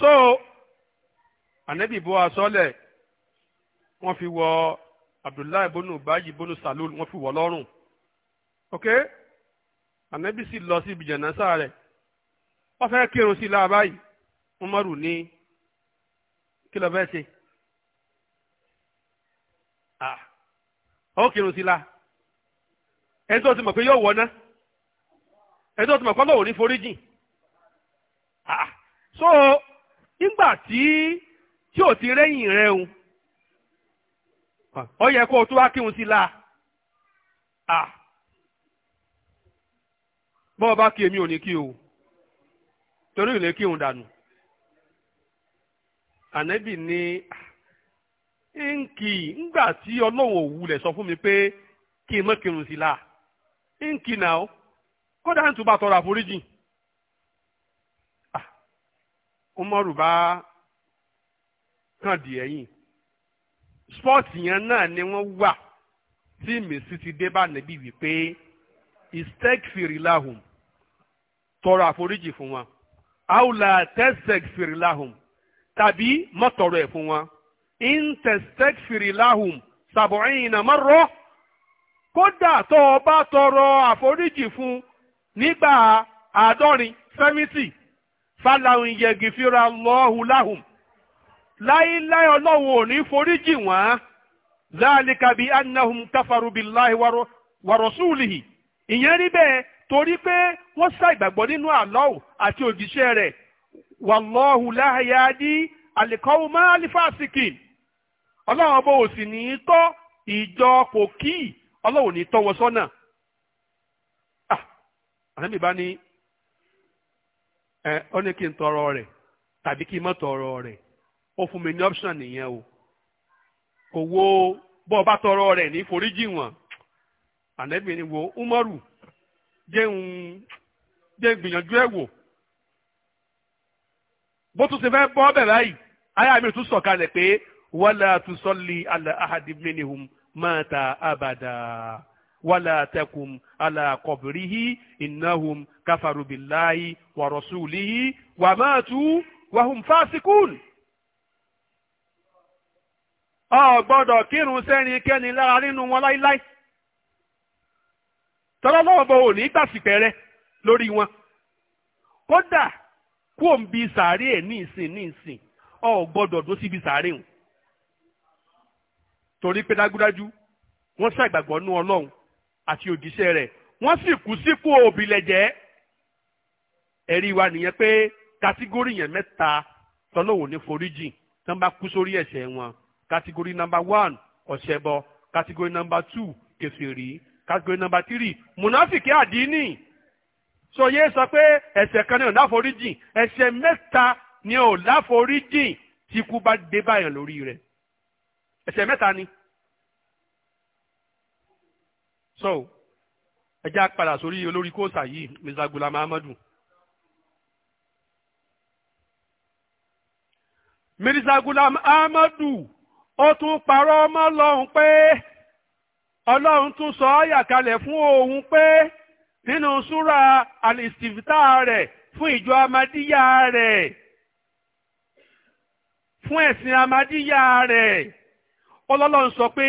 so ànábì bọ́ asọ́lẹ̀ wọ́n fi wọ abdullahi bonu bayi bonu salul wọ́n fi wọ lọ́rùn ok ànábì sì lọ sí ibi jẹ̀nàṣà rẹ̀ wọ́n fẹ́ kírun sí láàbá yìí umaru ní kí ló ṣe ah ó kírun sí la ẹni tó ti mọ̀ pé yóò wọ̀ náà ẹni tó ti mọ̀ pé ọlọ́wọ́ ní foríjìn ah so nígbà tí tí ò ti rẹ́yìn rẹ̀ o ó yẹ kó o tó wá kí n sí la bọ́ọ̀ bá kí èmi ò ní kí o torí ìlé kí òun dànù ànẹ́bì ni nkì ngbà tí ọlọ́wọ̀n òwúlẹ̀ sọ fún mi pé kí n mọ́ kírun sí la nkì náà kódà ń tún bá tọrọ àforíjì umaru bá kàn dì ẹ̀yìn spọ́ọ̀tì yẹn náà ni wọ́n wà tí mèsì ti dé bá nàbí wípé istekfirilahum tọrọ àforíjì fún wọn aula testekfirilahum tàbí mọ́tọrọ ẹ̀ fún wọn intestekfirilahum sàbọ̀yìn náà mọ́rọ́ kódà tó o bá tọrọ àforíjì fún nígbà àádọ́rin sẹ́mítì fáláhùn yẹgi fíra lọ́hùn láhùn láíláí ọlọ́run ò ní foríjì wọ́n zálika bí annahum kafaru billahi wa rasulihi ìyẹn rí bẹ́ẹ̀ torí pé wọ́n sá ìgbàgbọ́ nínú àlọ́wù àti òjíṣẹ́ rẹ̀ wàlọ́hùn láhàyàdí àlìkọ́wò má sì ní í tọ́ ìjọ kò kí tọ́ sọ́nà. Ah, ẹ ó ní kí n tọrọ rẹ̀ tàbí kí n má tọrọ rẹ̀ ó fún mi ní option nìyẹn o kò wo bọ́ bá tọrọ rẹ̀ ní foríjì wọn wo Umaru jẹun jẹun gbìyànjú ẹ̀ wò bó tún ṣe fẹ́ bọ́ ọbẹ̀ báyìí aya mi tún sọ̀kalẹ̀ pé wala tusalli ala ahadi ma taa abada. wala takum ala qabrihi innahum kafaru billahi wa rasulihi wa matu wa hum fasikun. ọ gbọ́dọ̀ kírun sẹ́rin kẹ́ni lára nínú wọn láíláí tọ́lọ́lọ́wọ́ ò ní gbàsìpẹ̀ rẹ lórí wọn kódà kó ń bi sàárè ẹ̀ ní ìsìn ní ìsìn ọ gbọ́dọ̀ dó sàárè hùn torí pé dájúdájú wọ́n ṣàgbàgbọ́ nú ọlọ́run àti òjíṣẹ́ rẹ̀ wọ́n sì kú síkú òbílẹ̀jẹ́ ẹ̀rí wa nìyẹn pé kátígórì yẹn mẹ́ta tọ́lọ́wọ́n ní foríjìn tí wọ́n bá kú sórí ẹ̀ṣẹ̀ wọn kátígórì nọ́mbà one ọ̀ṣẹ̀bọ kátígórì nọ́mbà two kèfèrí kátígórì nọ́mbà three mùnáfìkì àdínì sọyẹ sọ pé ẹ̀ṣẹ̀ kan ní ò láforíjìn ẹ̀ṣẹ̀ mẹ́ta ní ò láforíjìn tí ikú bá dé báyàn lórí rẹ̀ ẹ̀ṣẹ̀ mẹ́ta ni so ẹ já padà sórí olórí kóòsà yìí Mr. Gulam Ahmadu. Mirza Gulam Ahmadu ó tún parọ́ mọ́ lọ́hùn pé ọlọ́run tún sọ àyà kalẹ̀ fún òun pé nínú súra alistifta rẹ̀ fún ìjọ amadíyà rẹ̀ fún ẹ̀sìn amadíyà rẹ̀ ọlọ́run sọ pé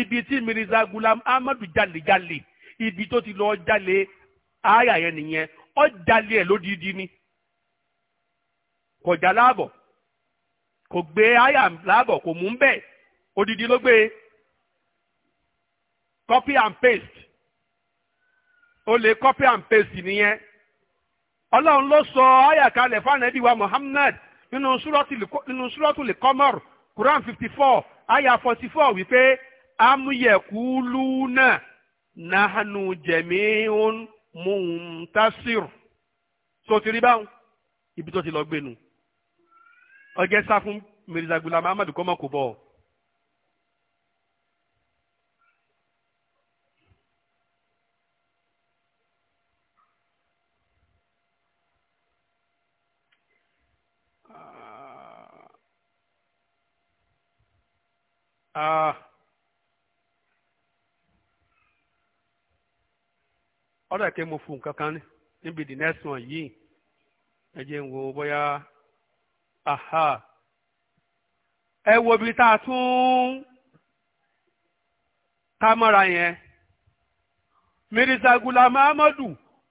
ibi tí Mirza Gulam Ahmadu jalejale ibi tó ti lọ jalè àyà yẹn nìyẹn ó jalè ẹ̀ lódìdí ni kọjá láàbọ̀ kò gbé àyà láàbọ̀ kò mú bẹ́ẹ̀ odidi ló gbé copy and paste ó lè copy and paste nìyẹn ọlọ́run ló sọ àyà kalẹ̀ fáànàbí wa Muhammad nínú súrọ́tù lè kọ́mọ̀rù Quran fifty four àyà forty four wípé. amúyẹ̀kúlúnà nahanu jẹ̀míhún muhuntasir tó ti rí báwọn ibi to ti lọ nu oge sa fun mirza gulam ahmed kọ́mọ kò bọ̀. Ah. Uh. ọ̀dà kí mo fún nǹkan kan níbi the next one yìí ẹ ń wo bóyá aha ẹ wo ibi tá a tún ká mọ́ra yẹn mirisa gulam amadu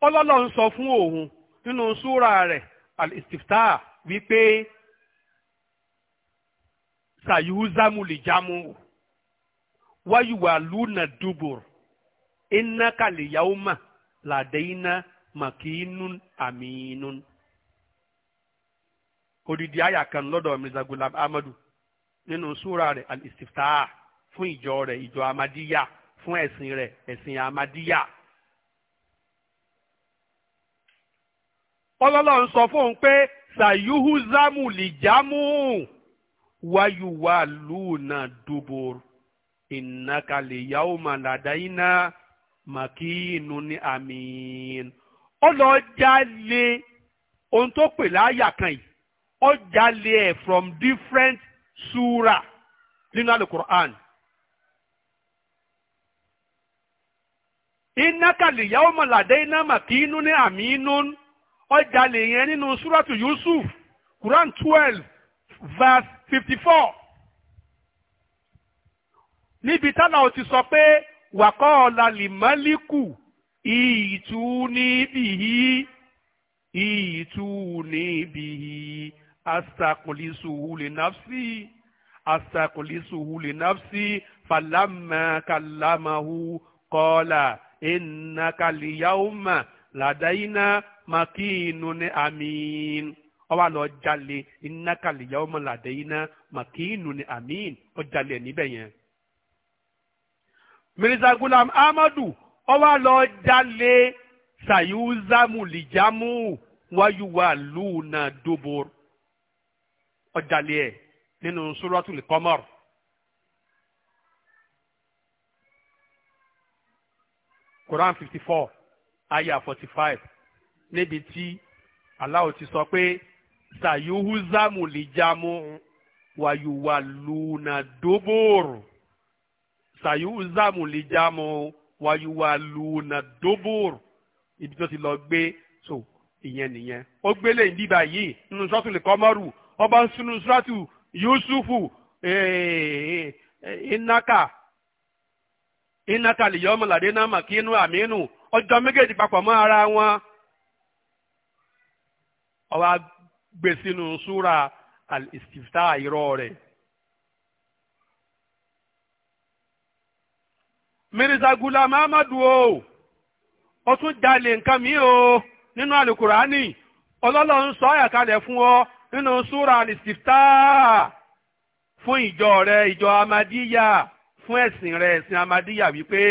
ọlọ́lọ́ ń sọ fún òun nínú súra rẹ̀ al-istifta wípé sayuzamu lè jámú wáyùwà lúnà dùbùr iná kàlẹ̀ yàwó mà làdẹ́yìnà màkínún àmínún. odidi àyà kan lọ́dọ̀ mirza gulam amadu nínú súra rẹ̀ al-istifta fún ìjọ rẹ̀ ìjọ amadiya fún ẹ̀sìn rẹ̀ ẹ̀sìn amadiya. ọlọ́lọ́ ń sọ fóun pé sayuhu zamu lijamu wayuwa luna dubur ìnàkàlẹ̀ yahoo maladayina màkínú ní àmín ó lọ jalè ohun tó pè láyà kan yìí ó jalè ẹ̀ from different sura nínú alukur'an. inákàlì yàwó mọ̀ládé iná màkínú ní àmínú ó jalè yẹn nínú suratu Yusuf Quran twelve verse fifty four níbi tálà ó ti sọ pé wàkọ́ọ̀lá lìmọ́líkù ìtú níbìyí ìtú níbìyí astakulisuhu lè náfsí astakulisuhu lè náfsí falama kalamahu kọ́ọ̀lá ìnakaliyahuma làdáyínà makínu ní amín ọba lọ jalè ìnakaliyahuma làdáyínà makínu ní amín ó jalè níbẹ̀ yẹn mirza gulam amadu ó wá lọ jalè sayuzamu lijamu wáyúwa lùnà dubur ó jalè ẹ̀ nínú suratul qamar. Quran fifty four aya forty five níbi tí Allah ti sọ pé sayuzamu lijamu wáyúwa lùnà dubur sayuzamu lijamu wayuwaluna dobur ibi tó ti lọ gbé so ìyẹn nìyẹn ó gbélé ìdíbà yìí nínú sọ́tù lìkọ́mọ́rù ọba ń sunu sọ́tù yusufu inaka inaka lìyọ́mù làdínà màkínú àmínú ọjọ́ méjèèjì papọ̀ mọ́ ara wọn ọba gbèsè nù súra al-istiftah rẹ̀. mirisa gulam amadu o ó tún jalè nǹkan mi o nínú alukurani ọlọ́lọ́run sọ àyàkálẹ̀ fún ọ nínú súra alistifta fún ìjọ rẹ ìjọ amadiya fún ẹ̀sìn rẹ ẹ̀sìn amadiya wípé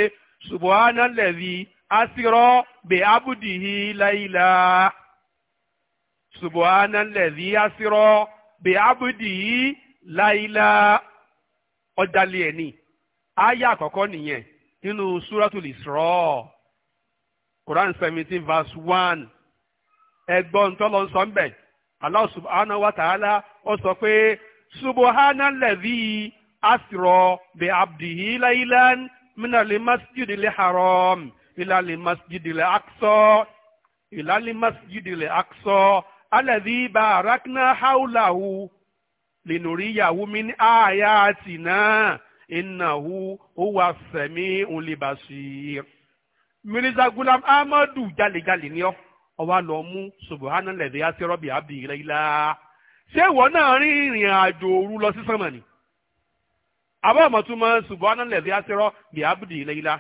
subuhana lẹ́vi asirọ́ bẹ abudihi láìla subuhana lẹ́vi asirọ́ bẹ abudihi láìla ọ̀dàlẹ̀ ẹ̀ ni aya àkọ́kọ́ nìyẹn nínú suratul Isra Quran seventeen verse one ẹgbọ́n ntọ́lọ́ nsọ́ mbẹ́ Allah subhanahu wa ta'ala ó sọ pé subahana lẹ́dí asrọ̀ bi abdihi laylan minali masjidi le haram ilali masjidi le aqsa ilali masjidi le aqsa alẹ́dí barakna hawlahu linuriyahu min ayatina innahu huwa sami'ul basir mirza gulam amadu jalejale ni ọ ọwa lọ mú subhana lẹbi asirọbi abirila ṣé ìwọ náà rí ìrìn àjò òru lọ sí sánmà ni àbá àmọtúmọ subhana lẹbi asirọbi abirila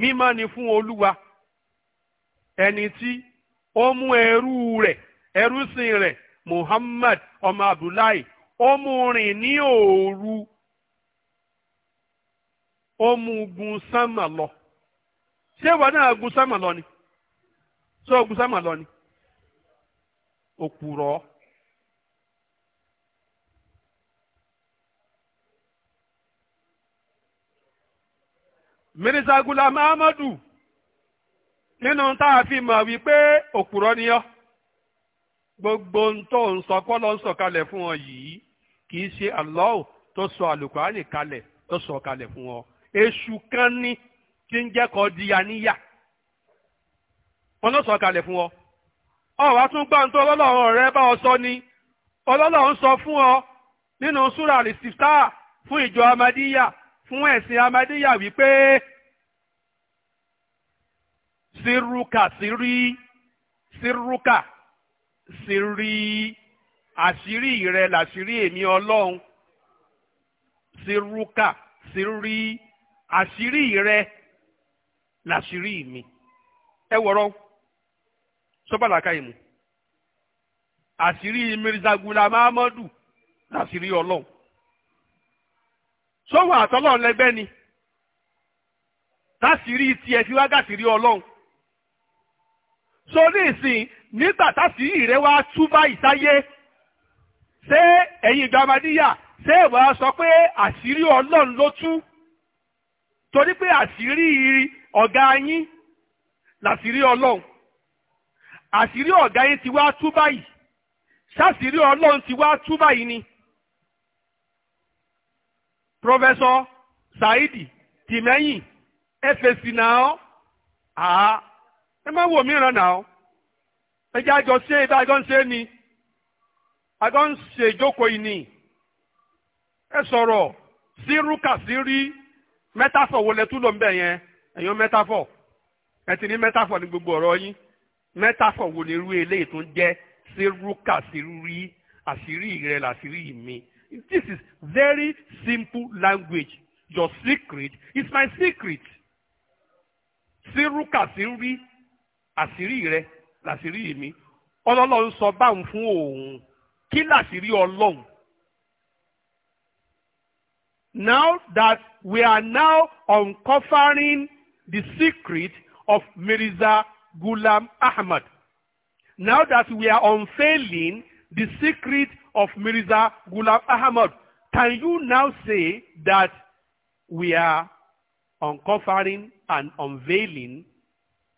mímọ́ ni fún olúwa ẹni tí ó mú ẹrú rẹ̀ ẹrúsìn rẹ̀ muhammad ọmọ abdullahi ó mú rìn ní òru ó mú lọ ṣé ìwọ náà gun sánmà lọ ni ṣé o gun sánmà lọ ni òpùrọ́. mínísà Gulam Ahmadu nínú tá a fi mọ̀ wípé òpùrọ́ ni ọ́ gbogbo ń tó ń sọ kọ́ ló ń sọ fún ọ yìí kì í ṣe Allah tó sọ àlùkò àyè kalẹ̀ tó sọ kalẹ̀ fún ọ. èṣù kan ní tí ń jẹ́ kọ́ di àníyà wọn kalẹ̀ fún ọ ọ ọ̀wá tún gbà ń tó ọlọ́lọ́run rẹ bá ọ sọ ni ọlọ́lọ́run sọ fún ọ nínú súrà rìsítà fún ìjọ amadíyà fún ẹ̀sìn amadíyà wípé sírúkà sírí sírúkà sírí àṣírí rẹ làṣírí èmi ọlọ́run sírúkà sírí àṣírí rẹ làṣírí mi ẹ wọ̀rọ̀ sọ́bàlàkà ìmù àṣírí Mirza Gulam làṣírí ọlọ́run sọ́wọ́n àtọ́lọ́run lẹ́gbẹ́ ni láṣírí tiẹ̀ fi wá gàṣírí ọlọ́run so ìsìn nígbà táṣírí rẹ wá túbá ìsáyé ṣé ẹ̀yin ìjọba ṣé ìwà sọ pé àṣírí ọlọ́run ló tú. torí pé àṣírí ọ̀gá yín làṣírí ọlọ́run àṣírí ọ̀gá yín ti wá tú báyìí ṣàṣírí ọlọ́run ti wá tú báyìí ni. Professor Saidi Tìmẹ́yìn fsc náà àá ẹ má wò mìíràn náà ẹ jẹ́ àjọ ṣe ibà àjọ ń ṣe ni àjọ ń ṣe ìjókòó yìí ni ẹ sọ̀rọ̀ sí rúkà sí rí mẹ́tàfọ̀ wo lẹ tún lò ń bẹ̀ yẹn ẹ̀yàn mẹ́tàfọ̀ ẹ ti ní mẹ́tàfọ̀ ní gbogbo ọ̀rọ̀ yín mẹ́tàfọ̀ wo ni irú eléyìí tún jẹ́ sírúkà sírí àṣírí rẹ làṣírí mi this is very simple language your secret is my secret sírúkà sírí àṣírí rẹ làṣírí mi ọlọ́lọ́run sọ báwọn fún òun kí làṣírí ọlọ́run now that we are now uncovering the secret of Mirza Ghulam Ahmad. Now that we are unveiling the secret of Mirza Ghulam Ahmad, can you now say that we are uncovering and unveiling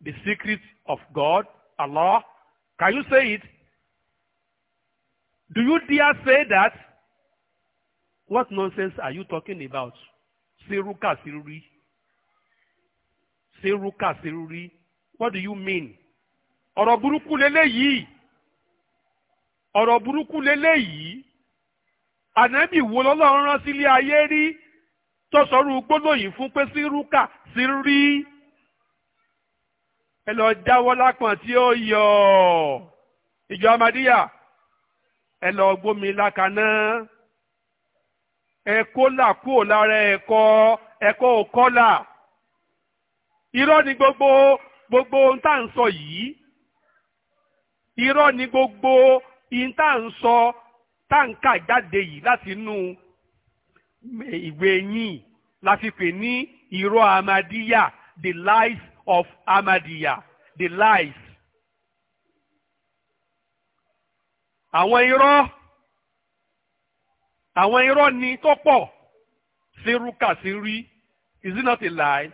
the secret of God, Allah? Can you say it? Do you dare say that? What nonsense are you talking about? Seruka Siruri. Seruka Siruri. What do you mean? Ọ̀rọ̀ burúkú leléyìí. Ọ̀rọ̀ burúkú leléyìí. Ànábì wo lọ́lọ́run rán sílé ayé rí tó sọ̀rọ̀ gbólóyìn fún pé Seruka Siruri. Ẹ lọ jáwọ́ lápọ̀n tí ó yọ. Ìjọ Amadíyà, ẹ lọ gbómi lákanáà ẹ kólà kúò lára ẹ̀kọ́ ẹ̀kọ́ òkọ́là irọ́ ni gbogbo gbogbo ohun tá à ń sọ yìí irọ́ ni gbogbo ohun tá à ń sọ tá à ń kà jáde yìí láti inú ìwé yín la pè ní irọ́ Ahmadiyya the lies of Ahmadiyya the lies àwọn irọ́ àwọn irọ́ ni tó pọ̀ sírúkà sí rí is it not a lie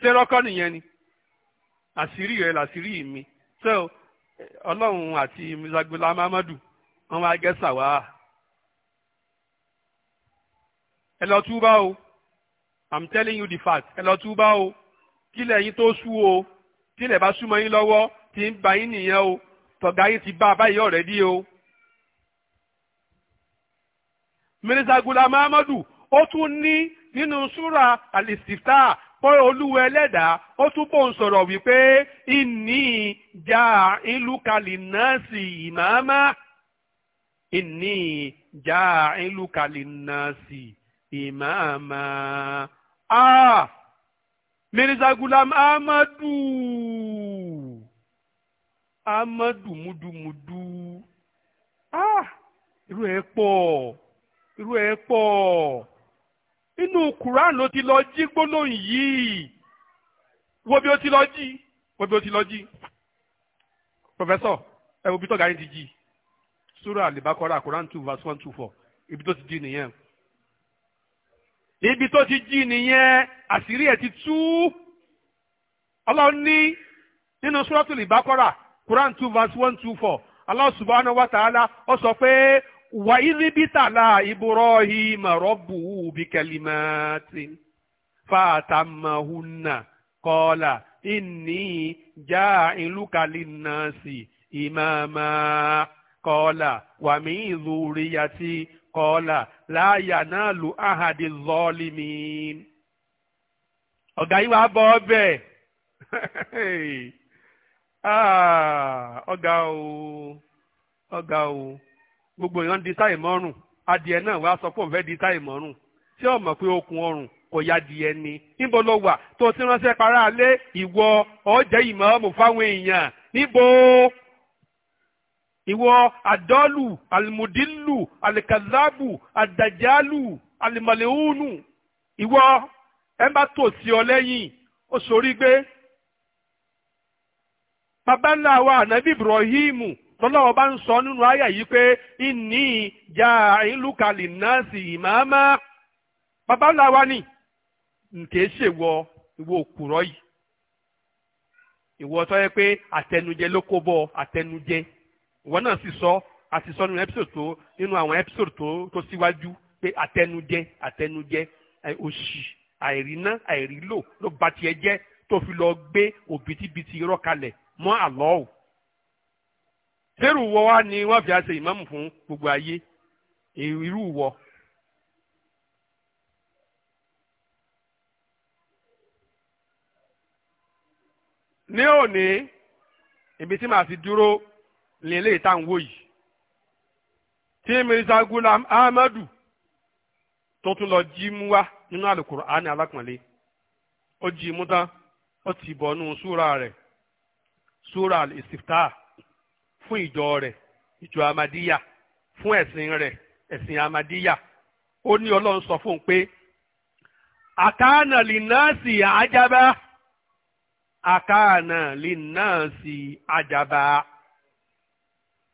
sẹ́rọ́kọ́ nìyẹn ni àṣírí rẹ̀ làṣírí mi so ọlọ́run àti mizagbola mamadu wọn wá gẹ́sà wá ẹ lọ túbá o i'm telling you the fact ẹ lọ túbá o kílẹ̀ yín tó sú o tílẹ̀ bá súnmọ́ yín lọ́wọ́ tí ń ba yín nìyẹn o tọ̀gá yín ti bá a báyìí ọ̀rẹ́dí o. mirza gulam amadu ó tún ní nínú súra alistifta pé olúwa ẹlẹ́dàá ó tún bò ń sọ̀rọ̀ wípé ìní ìjà ìlúkalì náà sí ìmáàmá ìní ìjà ìlúkalì náà sí ìmáàmá. Ah! Mirza Gulam Amadu Amadu mudumudu ah irú ẹ̀ pọ̀ irú ẹ pọ̀ inú Quran ló ti lọ jí gbólóhùn yìí wo bí ó ti lọ jí wo bí ó ti lọ jí professor ẹ wo bí tọ́gà yín ti jí sura alibakora Quran two verse one two four ibi tó ti jí nìyẹn ibi tó ti jí nìyẹn àṣírí ẹ̀ ti tú ọlọ́run ní nínú suratul Baqara Quran two verse one two four Allah subhanahu wa ta'ala ó sọ pé wà ìrìbítàlà Ibrahim rabbuhu bikalimatin fàtàmàhùnà kọ́lá inni ja'iluka linnasi imama kola wa ya dhuriyati kọ́lá la yanalu ahadi zalimin. ọ̀gá yìí wàá bọ́ ọbẹ̀ ah, ọ̀gá o ọ̀gá o. gbogbo èèyàn di táì mọ́rùn adìẹ náà wàá sọ pé òun fẹ́ di táì mọ́rùn tí ó pé okun ọrùn kò ya adìẹ ni níbo ló wà tó ti para alẹ́ ìwọ ọ̀jẹ̀ ìmọ̀ọ́mù fáwọn èèyàn níbo ìwọ àdọ́lù àlùmùdílù àlìkàzábù àdàjálù àlìmọ̀lẹ́hùnù ìwọ ẹ bá tò sí Ibrahim tọ́lọ́wọ́ bá ń sọ nínú àyà yìí pé ìní ìjà ìlúkalì náà sì ìmáàmá babaláwa ni kìí ṣèwọ ìwọ òkùrọ̀ yìí ìwọ sọ yẹ pé àtẹnujẹ ló kó bọ àtẹnujẹ ìwọ náà sì sọ àti sọ nínú episode tó nínú àwọn episode tó tó síwájú pé àtẹnujẹ àtẹnujẹ òṣì àìríná àìrílò ló ba tiẹ̀ jẹ́ tó fi lọ gbé òbítíbitì irọ́ kalẹ̀ mọ́ àlọ́ ò sẹ́rù wọ wa ni wọ́n fi ase ìmáàmù fún gbogbo ayé irú wọ. ní òní ibi tí màá fi dúró ní ilé ìtàǹwò yìí tí Mirza Gulam Ahmadu tó tún lọ jí mú wá nínú Al-Qur'ani alákùnrin lé ó jí mú tán ó ti bọ̀ nù súra rẹ̀ súra al fún ìjọ rẹ, ìjọ amadiya fún ẹ̀sìn rẹ, ẹ̀sìn amadiya ó ní ọlọ́run sọ fún un pé àkáànà lìnàásì àjábá àkáànà lìnàásì Ajaba.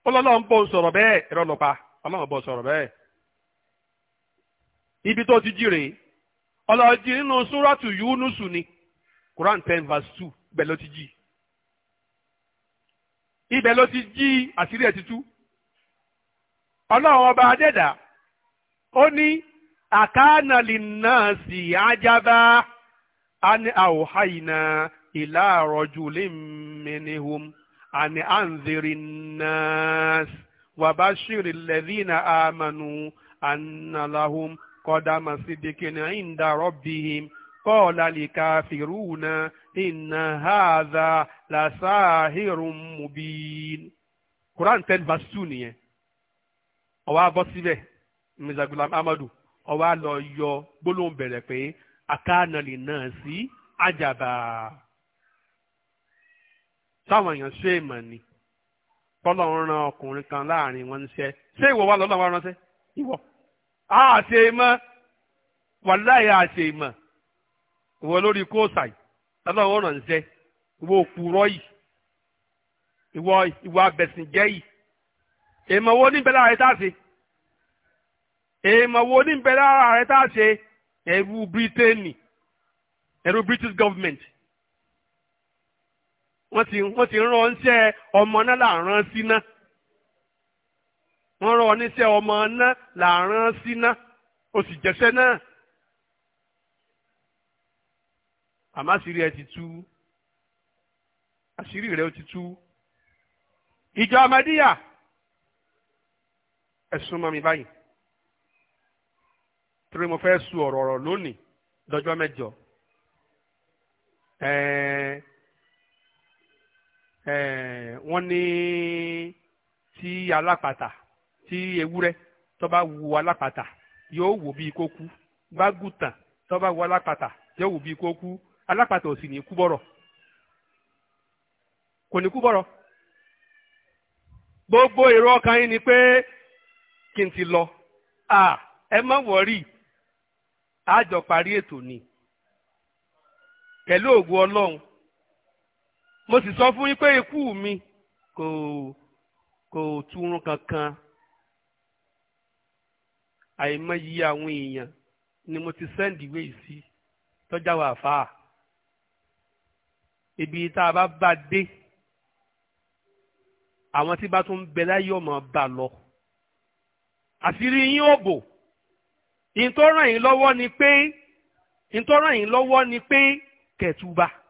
ọlọ́run bó ń sọ̀rọ̀ bẹ́ẹ̀ ẹ̀rọ lọ́pa ọlọ́run sọ̀rọ̀ bẹ́ẹ̀ ibi tó ti jìrè ọlọ́run jì nínú súrọ́tù ni Quran ten verse two bẹ́ẹ̀ ló ti jì ibẹ̀ ló ti jí àṣírí ẹ̀ ti tú ọlọ́run ọba adẹ́dà ó ní àkánàlì náà sì ájábá àní àwòháyìnà ìlà rọ̀jùlẹ̀ mẹ́nihùm àní àǹzẹ̀rì náà wàbáṣírì lẹ́dínà àmànù ànàláhùm kọ́dà màsídìkìnà ìndà rọ́bìhìm kọ́ọ̀lá lè káfìrúnà. inna hadha la sahirun mubin quran verse two nìyẹn ó wá bọ́ gulam amadu ó wá lọ yọ gbólóhùn bẹ̀rẹ̀ pé akánàlì náà sí si ajaba èèyàn ṣe ni tọ́lọ̀ ń ọkùnrin kan láàrin wọn ṣé ìwọ wà lọ́lọ́ wa ránṣẹ́ ìwọ àṣe mọ́ wàláyé ìwọ lórí kóòsàì tọ́lọ́wọ́ ràn ṣẹ́ ìwọ òpùrọ́ yìí ìwọ abẹ̀sìnjẹ́ yìí èèmọ̀ wo níbẹ̀ lára rẹ tá a ṣe èèmọ̀ wo níbẹ̀ lára rẹ tá a ṣe ẹ̀rú bírítéènì ẹ̀rú british government wọ́n ti wọ́n ti ránṣẹ́ ọmọ náà làrán sí náà wọ́n rán ọ ọmọ náà làrán sí náà ó sì jẹ́ṣẹ́ náà. àmọ́ àṣírí ẹ ti tú àṣírí rẹ ti tú ìjọ amadíyà ẹ̀sùn mọ́ mi báyìí torí mo fẹ́ su ọ̀rọ̀ ọ̀rọ̀ lónìí lọ́jọ́ mẹ́jọ wọ́n ní tí alápàtà tí ewúrẹ́ tó bá wu alápàtà yóò wò bí kó kú bá gùtàn wu alápàtà yóò wò bí kó kú alápatà òsì sì ní kú bọ́rọ̀ kò ní kú bọ́rọ̀ gbogbo èrò ọkàn yín ni pé kí n ti lọ à ẹ má wọrí àjọ parí ètò ni pẹ̀lú ògùn ọlọ́run mo sì sọ fún yín pé ikú mi kò kò túrun kankan àìmọye àwọn èèyàn ni mo ti sẹ́ndìwé sí tọ́jà wà fáà. ibi tá a bá bá dé àwọn tí bá tún ń bẹ láyé ọmọ bá lọ àṣírí yín ò bò ìtọ́ràn yín lọ́wọ́ ni pé ìtọ́ràn yín lọ́wọ́ ni pé kẹ̀tùbà.